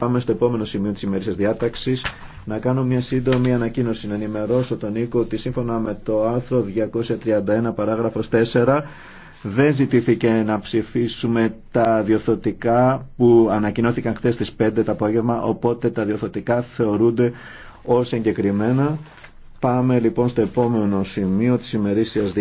Πάμε στο επόμενο σημείο της ημερήσιας διάταξης. Να κάνω μια σύντομη ανακοίνωση. Να ενημερώσω τον Νίκο ότι σύμφωνα με το άρθρο 231 παράγραφος 4 δεν ζητήθηκε να ψηφίσουμε τα διορθωτικά που ανακοινώθηκαν χθες στις 5 το απόγευμα, οπότε τα διορθωτικά θεωρούνται ως εγκεκριμένα. Πάμε λοιπόν στο επόμενο σημείο της ημερήσιας διάταξης.